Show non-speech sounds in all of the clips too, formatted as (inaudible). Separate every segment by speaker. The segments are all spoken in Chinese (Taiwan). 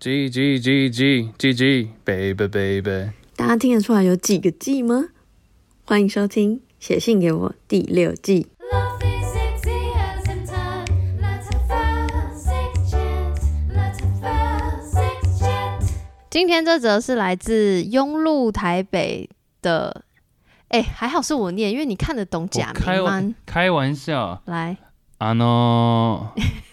Speaker 1: G G G G G G baby baby，
Speaker 2: 大家聽得出來有幾個 G 嗎？歡迎收聽《寫性給我》第六季。今天這則是來自庸碌台北的，哎、欸，還好是我念，因為你看得懂假名嗎？開玩、
Speaker 1: 開玩笑，來啊 no，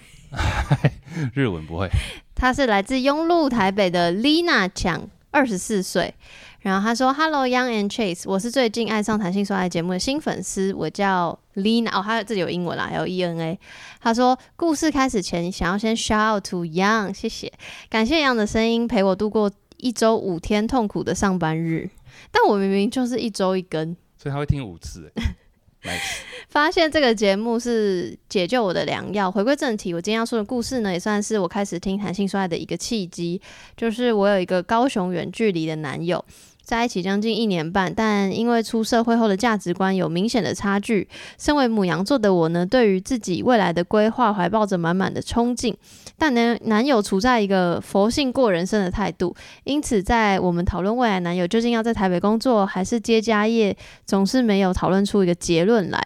Speaker 1: (laughs) (laughs) 日文不會。
Speaker 2: 她是來自庸碌台北的 Lena，醬二十四歲，然後她說：“Hello Young and Chase，我是最近愛上談性說愛節目的新粉絲，我叫 Lena 哦，她這裡有英文啦，還有 E N A。她說故事開始前，想要先 shout out to Young，謝謝，感謝 Young 的聲音陪我度過一周五天痛苦的上班日，但我明明就是一周一更，
Speaker 1: 所以他會聽五次、欸。” (laughs)
Speaker 2: (laughs) 發現這個節目是解救我的良藥。回歸正題，我今天要說的故事呢，也算是我開始聽談性說愛的一個契機。就是我有一個高雄遠距離的男友。在一起將近一年半，但因為出社會後的價值觀有明顯的差距，身為牡羊座的我呢，對於自己未來的規劃懷抱着滿滿的憧憬，但男男友處在一個佛系過人生的態度，因此在我們討論未來男友究竟要在台北工作還是接家業，總是沒有討論出一個結論來。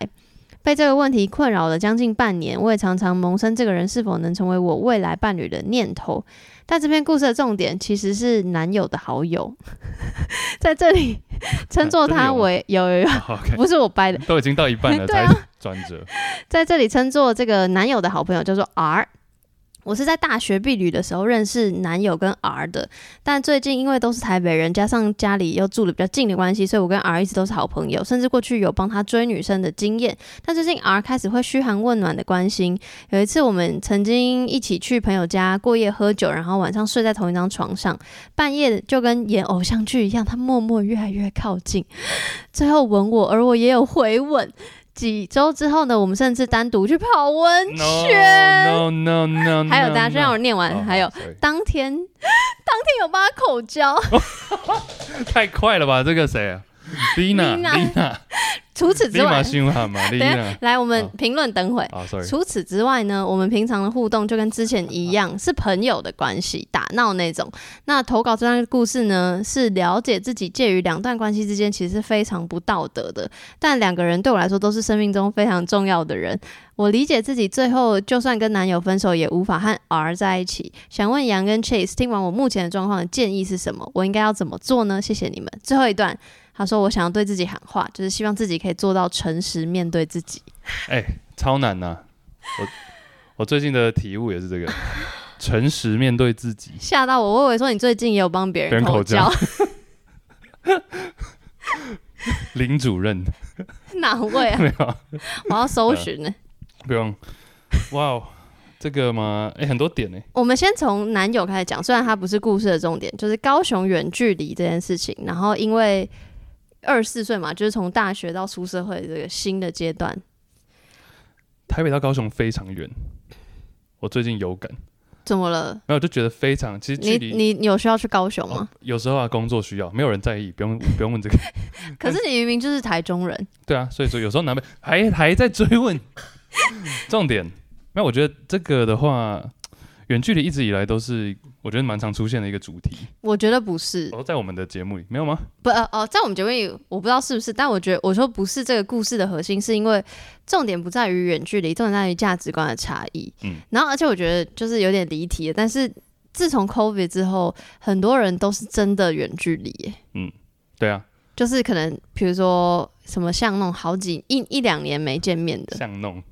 Speaker 2: 被這個問題困擾了將近半年，我也常常萌生這個人是否能成為我未來伴侶的念頭。但這篇故事的重點其實是男友的好友， (laughs) 在這裡稱作他為、啊、有，有有有，哦、okay、不是我掰的，都已經到一半了，才轉、啊、折，在這裡稱作這個男友的好朋友叫做、就是、R。我是在大學畢旅的時候認識男友跟 R 的，但最近因為都是台北人，加上家裡又住得比較近的關係，所以我跟 R 一直都是好朋友，甚至過去有幫他追女生的經驗。但最近 R 開始會噓寒問暖的關心，有一次我們曾經一起去朋友家過夜喝酒，然後晚上睡在同一張床上，半夜就跟演偶像劇一樣，他默默越來越靠近，最後吻我，而我也有回吻。幾週之後呢，我們甚至單獨去泡溫泉。
Speaker 1: 還有大家先讓我
Speaker 2: 念完。還有當天，當天有幫他口交。
Speaker 1: 太快了吧！這個誰啊？Lena
Speaker 2: 除此之外，來我們評論等會。Oh. Oh, sorry. 除此之外呢，我們平常的互動就跟之前一樣，oh. 是朋友的關係，打鬧那種。那投稿這段故事呢，是了解自己介於兩段關係之間，其實是非常不道德的。但兩個人對我來說都是生命中非常重要的人。我理解自己最後就算跟男友分手，也無法和 R 在一起。想問楊跟 Chase，聽完我目前的狀況的建議是什麼？我應該要怎麼做呢？謝謝你們。最後一段。他說：“我想要對自己喊話，就是希望自己可以做到誠實面對自己。”
Speaker 1: 哎、欸，超難吶、啊！ (laughs) 我我最近的體悟也是這個，誠 (laughs) 實面對自己。
Speaker 2: 嚇到我，我以為說：“你最近也有幫別人口交？”
Speaker 1: 林主任 (laughs)
Speaker 2: (laughs) 哪位啊？ (laughs) 我要搜尋呢、欸
Speaker 1: (laughs) 呃。不用。哇哦，這個嗎？哎、欸，很多點呢、欸。
Speaker 2: 我們先從男友開始講，雖然他不是故事的重點，就是高雄遠距離這件事情。然後因為。二十四歲嘛，就是從大學到出社會的這個新的階段，
Speaker 1: 台北到高雄非常遠，我最近有感。
Speaker 2: 怎麼了？
Speaker 1: 沒有，就覺得非常。其實你你有
Speaker 2: 需要去高雄嗎？
Speaker 1: 哦，有時候啊，工作需要。沒有人在意，不用不用問這個。
Speaker 2: (laughs) 可是你明明就是台中人。
Speaker 1: 對啊，所以說有時候南北 (laughs) 還還在追問重點。那我覺得這個的話。遠距離一直以來都是我覺得蠻常出現的一個主題。我覺得不是哦，oh, 在我們的節目裡沒有嗎？
Speaker 2: 不，呃，哦，在我們節目裡我不知道是不是，但我覺得我說不是這個故事的核心，是因為重點不在於遠距離，重點在於價值觀的差異。嗯，然後而且我覺得就是有點離題了。但是自從 COVID 之後，很多人都是真的遠距離耶。嗯，對啊，就是可能比如說什麼像那種好幾一一兩年沒見面的。像那種。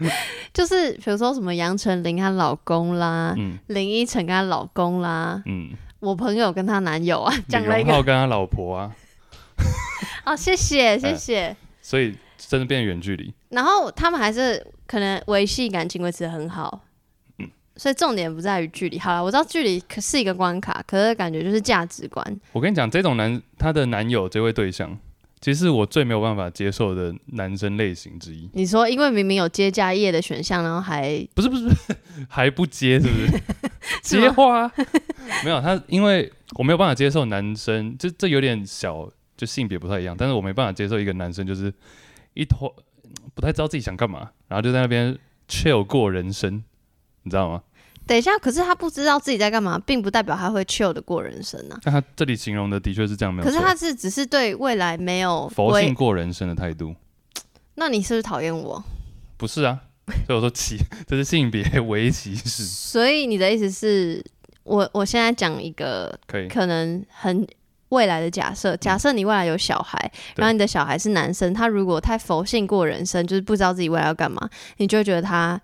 Speaker 2: (laughs) 就是比如說什麼楊丞琳她老公啦，嗯、林依晨她老公啦，嗯、我朋友跟她男友啊，然後
Speaker 1: 跟她老婆啊，
Speaker 2: (laughs) (laughs) 哦，謝謝謝謝、呃，
Speaker 1: 所以真的變遠距離，
Speaker 2: 然後他們還是可能維繫感情維持的很好，嗯、所以重點不在於距離。好啦，我知道距離是一個關卡，可是感覺就是價值觀。
Speaker 1: 我跟你講，這種男他的男友這位對象。其實是我最沒有辦法接受的男生類型之一。
Speaker 2: 你說，因為明明有接家業的選項，然後還不是不是
Speaker 1: 還不接，是不是
Speaker 2: 接話？
Speaker 1: (laughs) 沒有他，因為我沒有辦法接受男生，就這有點小，就性別不太一樣，但是我沒辦法接受一個男生就是一坨，不太知道自己想幹嘛，然後就在那邊 chill 過人生，你知道嗎？
Speaker 2: 等一下，可是他不知道自己在幹嘛，並不代表他會 chill 的過人生啊。
Speaker 1: 但他這裡形容的的確是這樣，沒有。可是他
Speaker 2: 是只是對未來沒有佛性
Speaker 1: 過人生的態度 (coughs) 。
Speaker 2: 那你是不是討厭我？
Speaker 1: 不是啊，所以我說歧， (laughs) 這是性別為一歧視。
Speaker 2: 所以你的意思是，我我現在講一個可能很未來的假設，以假設你未來有小孩，嗯、然後你的小孩是男生，他如果太佛性過人生，就是不知道自己未來要幹嘛，你就會覺得他。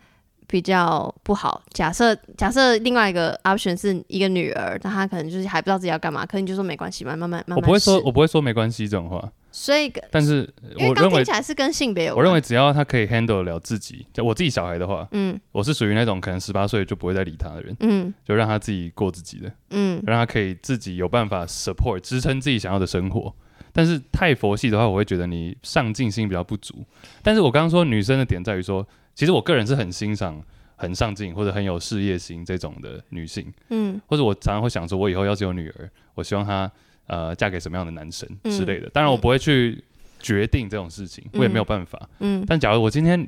Speaker 2: 比較不好。假設假設另外一個 option 是一個女兒，那她可能就是還不知道自己要幹嘛。可能你就說沒關係嘛，慢慢慢慢。我不會說，我
Speaker 1: 不會說沒關係這種話。
Speaker 2: 所以，但是我認為，因為剛聽起來是跟性別有關。我認為
Speaker 1: 只要她可以 handle 了自己，就我自己小孩的話，嗯，我是屬於那種可能十八歲就不會再理她的人，嗯，就讓她自己過自己的，嗯，讓她可以自己有辦法 support 支撐自己想要的生活。但是太佛系的話，我會覺得你上進心比較不足。但是我剛剛說女生的點在於說。其實我個人是很欣賞、很上進或者很有事業心這種的女性，嗯，或者我常常會想說，我以後要是有女兒，我希望她呃嫁給什麼樣的男生之類的。嗯、當然我不會去決定這種事情，嗯、我也沒有辦法，嗯。但假如我今天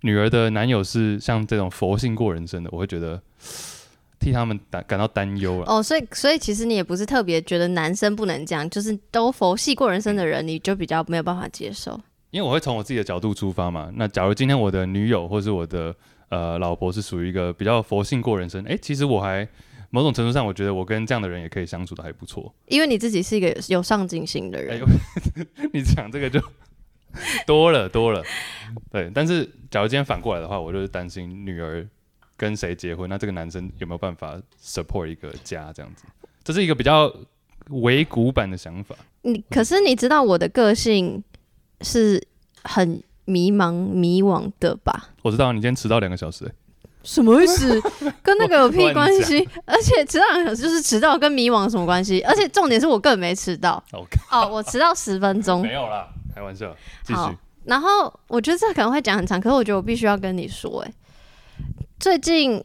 Speaker 1: 女兒的男友是像這種佛系過人生的，我會覺得替他們感到擔憂了。
Speaker 2: 哦，所以所以其實你也不是特別覺得男生不能這樣，就是都佛系過人生的人，嗯、你就比較沒有辦法接受。
Speaker 1: 因為我會從我自己的角度出發嘛。那假如今天我的女友或是我的呃老婆是屬於一個比較佛系過的人生，誒、欸，其實我還某種程度上，我覺得我跟這樣的人也可以相處得還不錯。
Speaker 2: 因為你自己是一個有上進心的人，欸、呵呵
Speaker 1: 你講這個就多了多了。對，但是假如今天反過來的話，我就是擔心女兒跟誰結婚，那這個男生有沒有辦法 support 一個家？這樣子，這是一個比較唯古板的想法。
Speaker 2: 你可是你知道我的個性，是很迷茫、迷惘的吧？
Speaker 1: 我知道，啊、你今天遲到兩個小時，欸，
Speaker 2: 什麼意思？ (laughs) 跟那個有屁我關係？而且遲到兩個小時，就是遲到跟迷惘什麼關係？而且重點是我根本沒遲到。 (laughs) 哦，我遲到十分鐘， (laughs)
Speaker 1: 沒有啦，開玩笑。繼續，
Speaker 2: 好，然後我覺得這可能會講很長，可是我覺得我必須要跟你說，欸，哎，最近。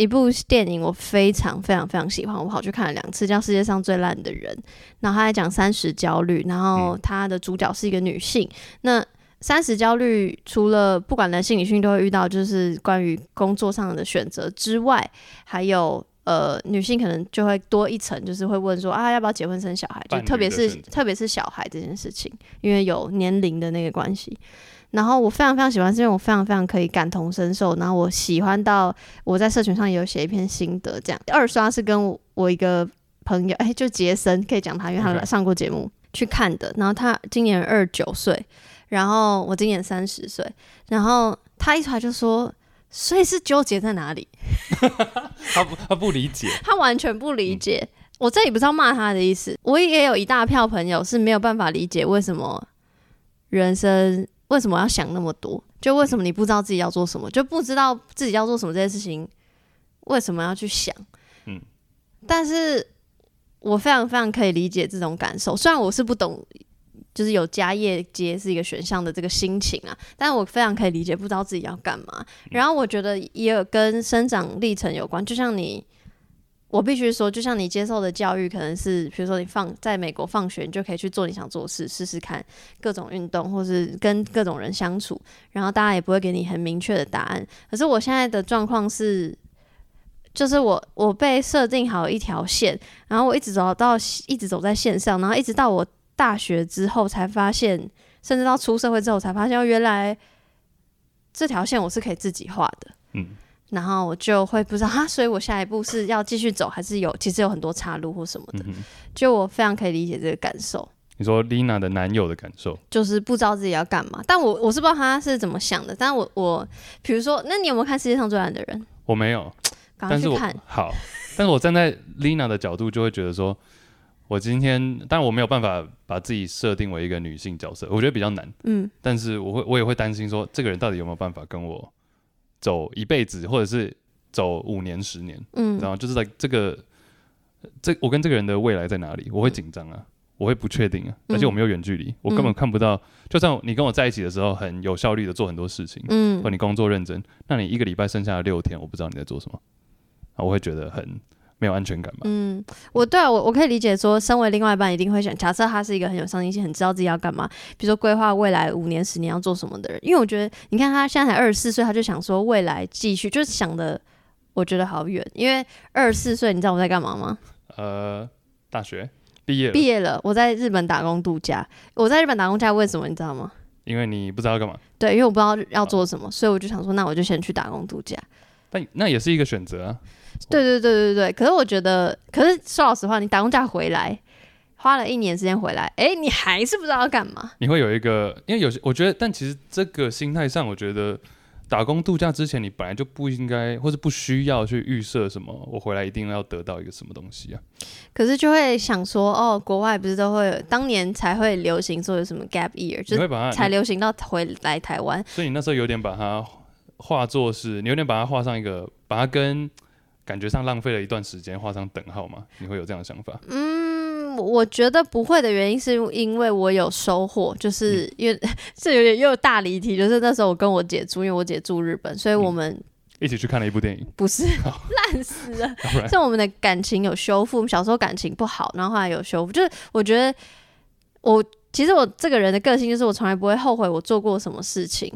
Speaker 2: 一部電影我非常非常非常喜歡，我跑去看了兩次，叫《世界上最爛的人》，然後他在講三十焦慮，然後他的主角是一個女性。嗯、那三十焦慮除了不管男性女性都會遇到，就是關於工作上的選擇之外，還有。呃，女性可能就會多一層，就是會問說，啊，要不要結婚生小孩？就特別是特別是小孩這件事情，因為有年齡的那個關係。然後我非常非常喜歡，是因為我非常非常可以感同身受，然後我喜歡到我在社群上也有寫一篇心得，這樣二刷是跟我一個朋友。哎、欸，就傑森可以講他，因為他上過節目去看的。然後他今年二十九歲，然後我今年三十歲，然後他一出來就說。所以是糾結在哪裡？
Speaker 1: (laughs) 他不，他不理解， (laughs)
Speaker 2: 他完全不理解。我這裡不是要罵他的意思，我也有一大票朋友是沒有辦法理解為什麼人生為什麼要想那麼多，就為什麼你不知道自己要做什麼，就不知道自己要做什麼這件事情，為什麼要去想？嗯，但是我非常非常可以理解這種感受，雖然我是不懂。就是有家業接是一個選項的這個心情啊，但我非常可以理解不知道自己要幹嘛。然後我覺得也有跟生長歷程有關，就像你，我必須說，就像你接受的教育可能是，比如說你放在美國放學你就可以去做你想做的事，試試看各種運動，或是跟各種人相處，然後大家也不會給你很明確的答案。可是我現在的狀況是，就是我我被設定好一條線，然後我一直走到一直走在線上，然後一直到我。大學之後才發現，甚至到出社會之後才發現，原來這條線我是可以自己畫的。嗯，然後我就會不知道啊，所以我下一步是要繼續走，還是有其實有很多岔路或什麼的。嗯、哼就我非常可以理解這個感受。
Speaker 1: 你說 Lina 的男友的感受，
Speaker 2: 就是不知道自己要幹嘛，但我我是不知道他是怎麼想的。但我我比如說，那你有沒有看《世界上最爛的人》？我沒有。趕快去看。但是我
Speaker 1: 好，但是我站在 Lina 的角度，就會覺得說。 (laughs) 我今天，當然我沒有辦法把自己設定為一個女性角色，我覺得比較難。嗯，但是我會，我也會擔心說，這個人到底有沒有辦法跟我走一輩子，或者是走五年、十年？嗯，然後就是在這個，這個、我跟這個人的未來在哪裡？我會緊張啊，我會不確定啊，而且我沒有遠距離，嗯、我根本看不到。就算你跟我在一起的時候很有效率的做很多事情，嗯，或你工作認真，那你一個禮拜剩下的六天，我不知道你在做什麼，啊，我會覺得很。沒有安全感
Speaker 2: 嗎？嗯，我對啊，我我可以理解說，身為另外一半一定會想假設他是一個很有上進心、很知道自己要幹嘛，比如說規劃未來五年、十年要做什麼的人。因為我覺得，你看他現在才二十四歲，他就想說未來繼續，就是想的，我覺得好遠。因為二十四歲，你知道我在幹嘛嗎？
Speaker 1: 呃，大學畢業了，畢業
Speaker 2: 了，我在日本打工度假。我在日本打工度假為什麼？你知道嗎？
Speaker 1: 因為你不知道幹嘛。
Speaker 2: 對，因為我不知道要做什麼，哦、所以我就想說，那我就先去打工度假。
Speaker 1: 但那也是一個選擇啊。
Speaker 2: 對對對對對對，可是我覺得，可是說老實話，你打工假回來，花了一年時間回來，哎，你還是不知道要幹嘛。
Speaker 1: 你會有一個，因為有些我覺得，但其實這個心態上，我覺得打工度假之前，你本來就不應該或是不需要去預設什麼，我回來一定要得到一個什麼東西啊。
Speaker 2: 可是就會想說，哦，國外不是都會有當年才會流行說有什麼 gap year，會把它就才流行到回來台灣，
Speaker 1: 所以你那時候有點把它畫作是，你有點把它畫上一個把它跟感覺上浪費了一段時間，畫上等號嗎？你會有這樣的想法？嗯，
Speaker 2: 我覺得不會的原因是因為我有收穫，就是因為這、嗯、有點又大離題，就是那時候我跟我姐住，因為我姐住日本，所以我們、嗯、
Speaker 1: 一起去看了一部電影，
Speaker 2: 不是爛好死了， (laughs) 是我們的感情有修復。我們小時候感情不好，然後後來有修復，就是我覺得我其實我這個人的個性就是我從來不會後悔我做過什麼事情。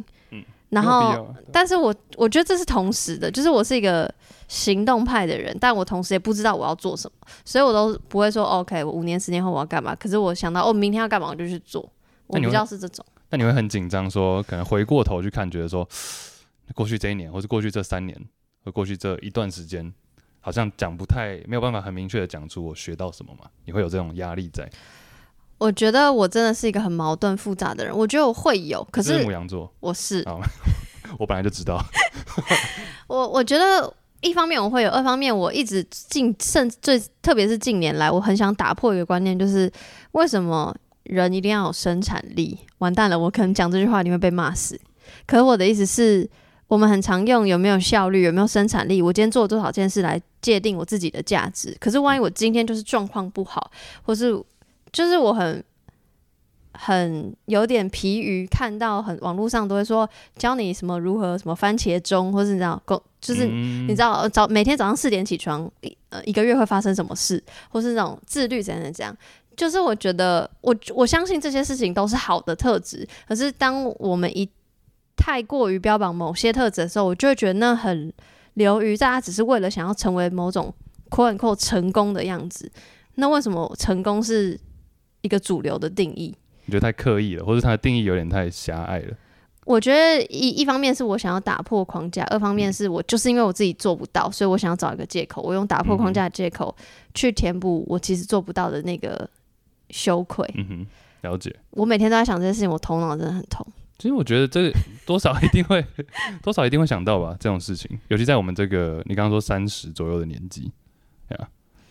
Speaker 2: 然後，啊、但是我我覺得這是同時的，就是我是一個行動派的人，但我同時也不知道我要做什麼，所以我都不會說 OK，我五年十年後我要幹嘛。可是我想到哦，明天要幹嘛，我就去做。我比較是這種。
Speaker 1: 但你，但你會很緊張說，說可能回過頭去看，覺得說過去這一年，或是過去這三年，或過去這一段時間，好像講不太沒有辦法很明確的講出我學到什麼嘛？你會有這種壓力在？
Speaker 2: 我覺得我真的是一個很矛盾複雜的人。我覺得我會有，可是我是，是牡羊座。哦、
Speaker 1: (laughs) 我本來就知道。
Speaker 2: (laughs) 我我覺得一方面我會有，二方面我一直近甚至最特別是近年來，我很想打破一個觀念，就是為什麼人一定要有生產力？完蛋了，我可能講這句話你會被罵死。可我的意思是，我們很常用有沒有效率，有沒有生產力，我今天做了多少件事來界定我自己的價值。可是萬一我今天就是狀況不好，或是。就是我很很有點疲於看到很，很網絡上都會說教你什麼如何什麼番茄鐘，或是你知道，就是你知道早、嗯、每天早上四點起床，一呃一個月會發生什麼事，或是那種自律怎樣怎樣。就是我覺得我我相信這些事情都是好的特質，可是當我們一太過於標榜某些特質的時候，我就會覺得那很流於大家只是為了想要成為某種 quote unquote 成功的樣子。那為什麼成功是？一個主流的定義，
Speaker 1: 你覺得太刻意了，或是它的定義有點太狹隘了。
Speaker 2: 我覺得一一方面是我想要打破框架，二方面是我、嗯、就是因為我自己做不到，所以我想要找一個借口。我用打破框架的借口去填補我其實做不到的那個羞愧。嗯哼，
Speaker 1: 了解。
Speaker 2: 我每天都在想這件事情，我頭腦真的很痛。
Speaker 1: 其實我覺得這多少一定會， (laughs) 多少一定會想到吧，這種事情，尤其在我們這個你剛剛說三十左右的年紀，yeah.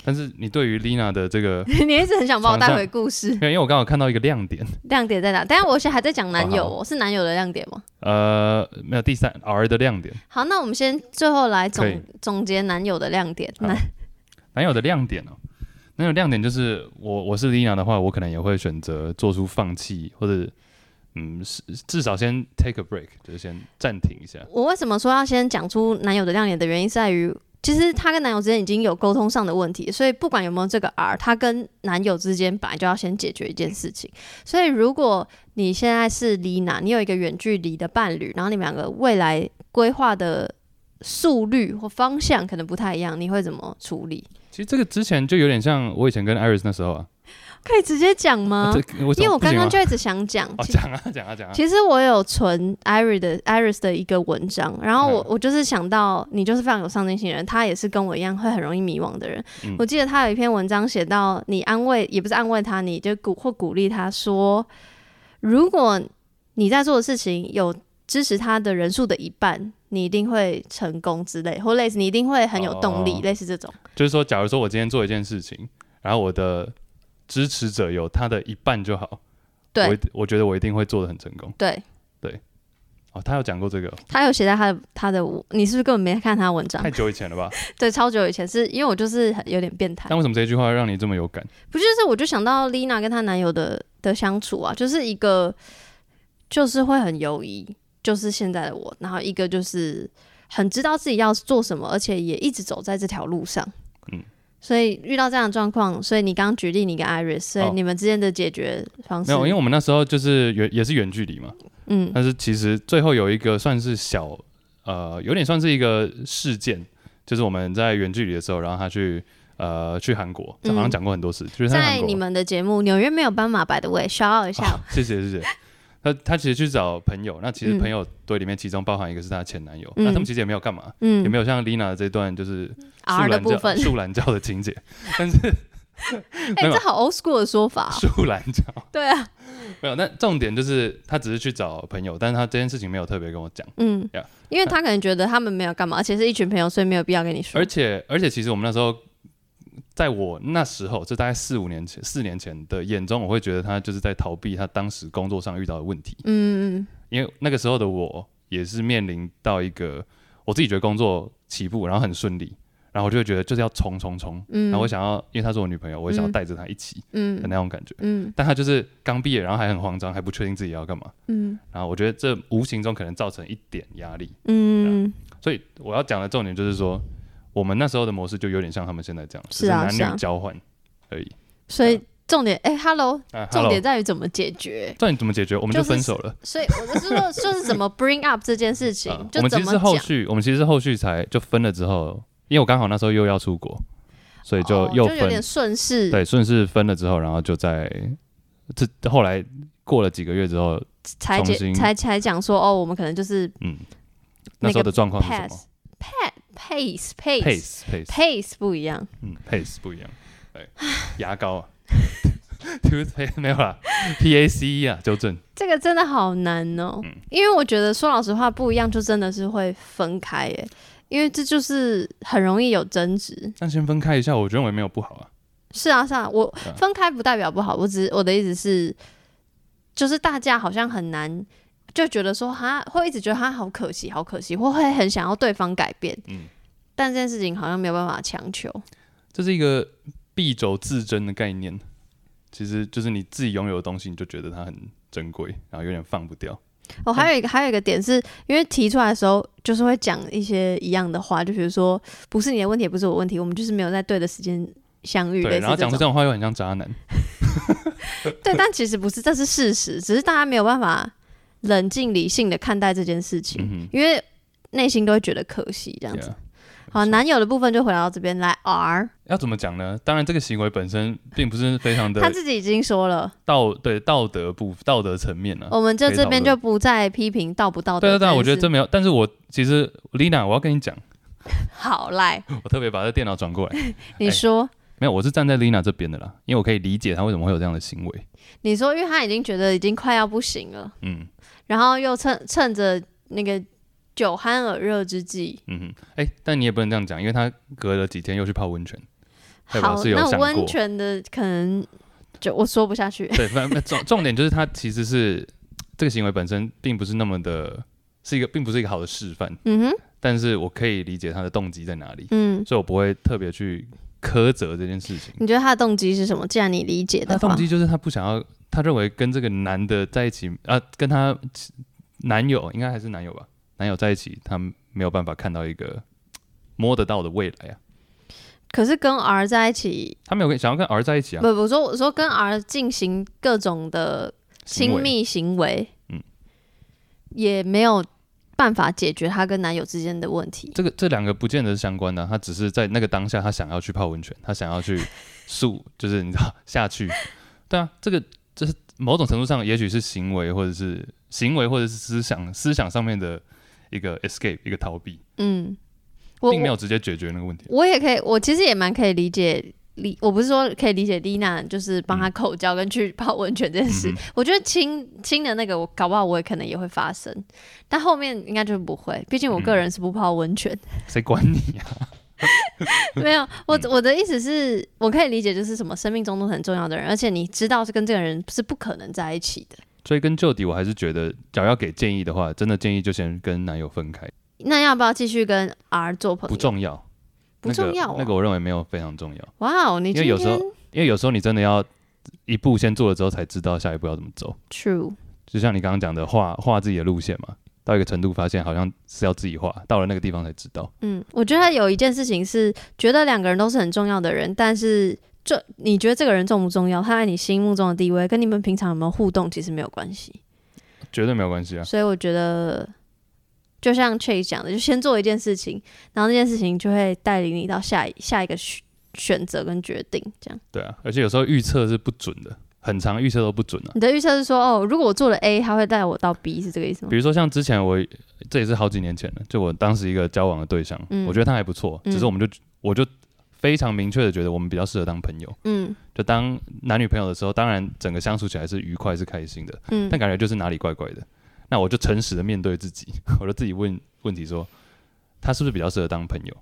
Speaker 1: 但是你對於 Lena 的這個， (laughs) 你一直很想把我帶回故事，沒有？因為我剛好看到一個亮點。
Speaker 2: 亮點在哪？等下，我現在還在講男友、哦，哦、是男友的亮點嗎？
Speaker 1: 呃，沒有，第三 R 的亮點。
Speaker 2: 好，那我們先最後來總以總結男友的亮點。男好
Speaker 1: (laughs) 男友的亮點哦，男友亮點就是我我是 Lena 的話，我可能也會選擇做出放棄，或者嗯，是至少先 take a break，就是先暫停一下。我
Speaker 2: 為什麼說要先講出男友的亮點的原因是在於。其實她跟男友之間已經有溝通上的問題，所以不管有沒有這個 R，她跟男友之間本來就要先解決一件事情。所以如果你現在是 Lena，你有一個遠距離的伴侶，然後你們兩個未來規劃的速率或方向可能不太一樣，你會怎麼處理？其實
Speaker 1: 這個之前就有點像我以前跟 Iris 那時候啊。
Speaker 2: 可以直接講嗎？啊、為因為我剛剛就一直想講。講啊講啊講啊！啊啊其實我有存 Iris 的、Iris 的一個文章，然後我、嗯、我就是想到你就是非常有上進心的人，他也是跟我一樣會很容易迷惘的人。嗯、我記得他有一篇文章寫到，你安慰也不是安慰他，你就鼓或鼓勵他說，如果你在做的事情有支持他的人數的一半，你一定會成功之類，或類似你一定會很有動力，oh, 類似這種。
Speaker 1: 就是說，假如說我今天做一件事情，然後我的支持者有他的一半就好，對我，我覺得我一定會做得很成功。對，對，哦，他有講過這個、哦，
Speaker 2: 他有寫在他他的我，你是不是根本沒看他的文章？太久
Speaker 1: 以前了吧？ (laughs)
Speaker 2: 對，超久以前，是因為我就是有點變態。但
Speaker 1: 為什麼這句話讓你這麼有感？
Speaker 2: 不就是我就想到 Lena 跟她男友的的相處啊，就是一個就是會很猶疑，就是現在的我，然後一個就是很知道自己要做什麼，而且也一直走在這條路上，嗯。所以遇到這樣的狀況，所以你剛剛舉例你跟 Iris，所以你們之間的解決方式？哦，沒有，因為我們
Speaker 1: 那時候就是遠也，也是遠距離嘛，嗯，但是其實最後有一個算是小呃，有點算是一個事件，就是我們在遠距離的時候，然後他去呃，去韓國，這，嗯、好像講過很多次，就是他在，在你
Speaker 2: 們的節目紐約沒有斑馬，By the way，驕傲一下。哦，
Speaker 1: 謝謝謝謝。 (laughs) 他他其實去找朋友，那其實朋友堆裡面其中包含一個是他的前男友，嗯、那他們其實也沒有幹嘛，嗯、也沒有像 Lena 這段就是樹懶，R 的部分，樹懶教的情節，但
Speaker 2: 是哎， (laughs) 欸、有這好 old school 的說法、哦。樹懶教對啊，
Speaker 1: 沒有。那重點就是他只是去找朋友，但是他這件事情沒有特別跟我講，嗯，yeah, 因
Speaker 2: 為他可能覺得他們沒有幹嘛，而且是一群朋友，所以沒有必要跟你說。而
Speaker 1: 且而且其實我們那時候。在我那時候，這大概四五年前，四年前的眼中，我會覺得他就是在逃避他當時工作上遇到的問題。嗯，因為那個時候的我也是面臨到一個我自己覺得工作起步，然後很順利，然後我就會覺得就是要衝衝衝。嗯，然後我想要，因為他是我女朋友，我也想要帶着他一起。嗯，的那種感覺。嗯，嗯嗯，但他就是剛畢業，然後還很慌張，還不確定自己要幹嘛。嗯，然後我覺得這無形中可能造成一點壓力。
Speaker 2: 嗯，
Speaker 1: 所以我要講的重點就是說。我們那時候的模式就有點像他們現在這樣，是男、啊、女交換而已。
Speaker 2: 所以重點哎、欸、，Hello，、啊、hello 重點在於怎麼解決？重點
Speaker 1: 怎麼解決？我們就分手了。
Speaker 2: 所以我就是說，就是怎麼 bring up 這件事情？ (laughs) 啊、我們其實是後續，
Speaker 1: 我們其實後續才就分了之後，因為我剛好那時候又要出國，所以就又分、哦、就有點順勢。對，順勢分了之後，然後就在這後來過了幾個月之後，才才
Speaker 2: 才講說哦，我們可能就是嗯，那時候的狀況是什麼？pace pace
Speaker 1: pace pace 不一樣，嗯，pace 不一樣，對， (laughs) 牙膏啊 (laughs) ，toothpaste 沒有啦，p a c e 啊，糾正，
Speaker 2: 這個真的好難哦、喔，嗯、因為我覺得說老實話不一樣，就真的是會分開耶，因為這就是很容易有爭執。那
Speaker 1: 先分開一下，我覺得我認為沒有不好啊。
Speaker 2: 是啊，是啊，我分開不代表不好，我只是我的意思是，就是大家好像很難。就覺得說他會一直覺得他好可惜，好可惜，或會很想要對方改變。嗯，但這件事情好像沒有辦法強求。
Speaker 1: 這是一個敝帚自珍的概念，其實就是你自己擁有的東西，你就覺得它很珍貴，然後有點放不掉。
Speaker 2: 哦，還有一個，還有一個點是，嗯、因為提出來的時候，就是會講一些一樣的話，就比如說不是你的問題，也不是我的問題，我們就是沒有在對的時間相遇。對，然後講出這種
Speaker 1: 話又很像渣男。
Speaker 2: (laughs) (laughs) 對，但其實不是，這是事實，只是大家沒有辦法。冷靜理性的看待這件事情，因為內心都會覺得可惜這樣子。好，男友的部分就回到這邊來。R
Speaker 1: 要怎麼講呢？當然，這個行為本身並不是非常的。他自
Speaker 2: 己已經說了
Speaker 1: 道，對道德不道德層面了。我們就這邊就
Speaker 2: 不再批評道不道德。對對對，我覺得真
Speaker 1: 沒有。但是我其實 Lina，我要跟你講，
Speaker 2: 好賴，
Speaker 1: 我特別把這電腦轉過來。你說沒有？我是站在 Lina 這邊的啦，因為我可以理解她為什麼會有這樣的行為。
Speaker 2: 你說，因為她已經覺得已經快要不行了。嗯。然後又趁趁着那個酒酣耳熱之際，嗯
Speaker 1: 哼，哎、欸，但你也不能這樣講，因為他隔了幾天又去泡溫泉，好，那溫
Speaker 2: 泉的可能就我說不下去。對，反
Speaker 1: 正重重點就是他其實是這個行為本身並不是那麼的， (laughs) 是一個並不是一個好的示範，嗯哼。但是我可以理解他的動機在哪裡，嗯，所以我不會特別去苛責這件事情。
Speaker 2: 你覺得他的動機是什麼？既然你理解的話，他動機
Speaker 1: 就是他不想要。他認為跟這個男的在一起啊，跟他男友應該還是男友吧，男友在一起，他沒有辦法看到一個摸得到的未來啊。
Speaker 2: 可是跟 R 在一起，
Speaker 1: 他沒有跟想要跟 R 在一起啊？不，不，不，我
Speaker 2: 說我說跟 R 進行各種的親密行為，行為嗯，也沒有辦法解決他跟男友之間的問題。
Speaker 1: 這個這兩個不見得是相關的，啊，他只是在那個當下，他想要去泡溫泉，他想要去宿， (laughs) 就是你知道下去， (laughs) 對啊，這個。就是某種程度上，也許是行為，或者是行為，或者是思想、思想上面的一個 escape，一個逃避。
Speaker 2: 嗯，並沒有直
Speaker 1: 接解決那個問題
Speaker 2: 我。我也可以，我其實也蠻可以理解，理我不是說可以理解麗娜，就是幫她口交跟去泡溫泉這件事。嗯、我覺得親親的那個，我搞不好我也可能也會發生，但後面應該就不會。畢竟我個人是不泡溫泉、
Speaker 1: 嗯。誰管你啊？ (laughs)
Speaker 2: (laughs) (laughs) 沒有，我我的意思是、嗯、我可以理解，就是什麼生命中都很重要的人，而且你知道是跟這個人是不可能在一起的。所
Speaker 1: 以，追根究底，我還是覺得，假如要給建議的話，真的建議就先跟男友分開。
Speaker 2: 那要不要繼續跟 R 做朋友？不
Speaker 1: 重要，不重要，啊那個。那個我認為沒有非常重要。
Speaker 2: 哇哦、wow，你因為有時候，
Speaker 1: 因為有時候你真的要一步先做了之後，才知道下一步要怎麼走。
Speaker 2: True，
Speaker 1: 就像你剛剛講的，畫畫自己的路線嘛。到一個程度，發現好像是要自己畫，到了那個地方才知道。
Speaker 2: 嗯，我覺得他有一件事情是，覺得兩個人都是很重要的人，但是這你覺得這個人重不重要？他在你心目中的地位，跟你們平常有沒有互動，其實沒有關係，
Speaker 1: 絕對沒有關係啊。所以
Speaker 2: 我覺得，就像 Chase 講的，就先做一件事情，然後那件事情就會帶領你到下下一個選擇跟決定，這樣。
Speaker 1: 對啊，而且有時候預測是不準的。很常預測都不準啊！你
Speaker 2: 的預測是說，哦，如果我做了 A，他會帶我到 B，是這個意思嗎？比
Speaker 1: 如說像之前我，這也是好幾年前了，就我當時一個交往的對象，嗯、我覺得他還不錯，只是我們就、嗯、我就非常明確的覺得我們比較適合當朋友。嗯，就當男女朋友的時候，當然整個相處起來是愉快是開心的，嗯，但感覺就是哪裡怪怪的。嗯、那我就誠實的面對自己，我就自己問問題說，他是不是比較適合當朋友？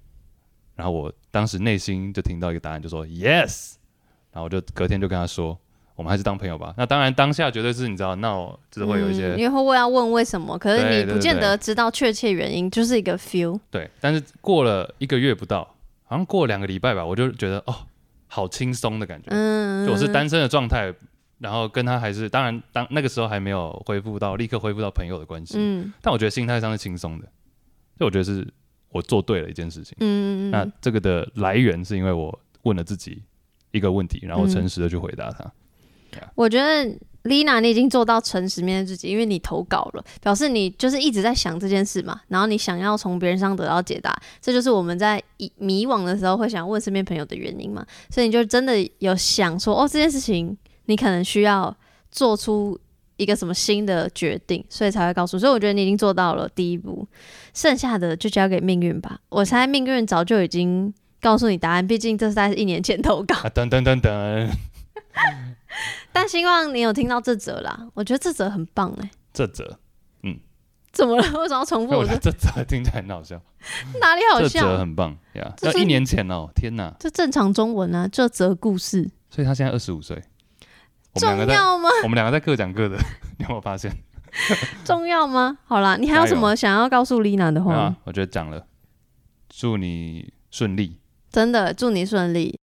Speaker 1: 然後我當時內心就聽到一個答案，就說 Yes。然後我就隔天就跟他說。我們還是當朋友吧。那當然，當下絕對是你知道，那我只是會有一些。你
Speaker 2: 會問要問為什麼，可是你不見得知道確切原因，對對對對就是一個 feel。
Speaker 1: 對，但是過了一個月不到，好像過兩個禮拜吧，我就覺得哦，好輕鬆的感覺。嗯，就我是單身的狀態，然後跟他還是當然當那個時候還沒有恢復到立刻恢復到朋友的關係。嗯，但我覺得心態上是輕鬆的，所以我覺得是我做對了一件事情。嗯嗯。那這個的來源是因為我問了自己一個問題，然後誠實的去回答他。嗯
Speaker 2: Yeah. 我覺得 Lena，你已經做到誠實面對自己，因為你投稿了，表示你就是一直在想這件事嘛。然後你想要從別人上得到解答，這就是我們在迷迷惘的時候會想問身邊朋友的原因嘛。所以你就真的有想說，哦，這件事情你可能需要做出一個什麼新的決定，所以才會告訴。所以我覺得你已經做到了第一步，剩下的就交給命運吧。我猜命運早就已經告訴你答案，畢竟這是在一年前投
Speaker 1: 稿。等等等。登登登 (laughs)
Speaker 2: 但希望你有聽到這則啦，我覺得這則很棒哎、欸。
Speaker 1: 這則，嗯。
Speaker 2: 怎麼了？為什麼要重複我？ (laughs) 我覺得這
Speaker 1: 則聽起來很好笑。
Speaker 2: 哪裡好笑？這則很棒呀！Yeah, 這是一年前哦，天哪！這正常中文啊，這則故事。所以他現在二十五歲。
Speaker 1: 重要嗎？我們兩個在各講各的，你有沒有發現？
Speaker 2: (laughs) 重要嗎？好啦，你還有什麼想要告訴麗娜的話、啊？
Speaker 1: 我覺得講了。祝你順利。
Speaker 2: 真的，祝你順利。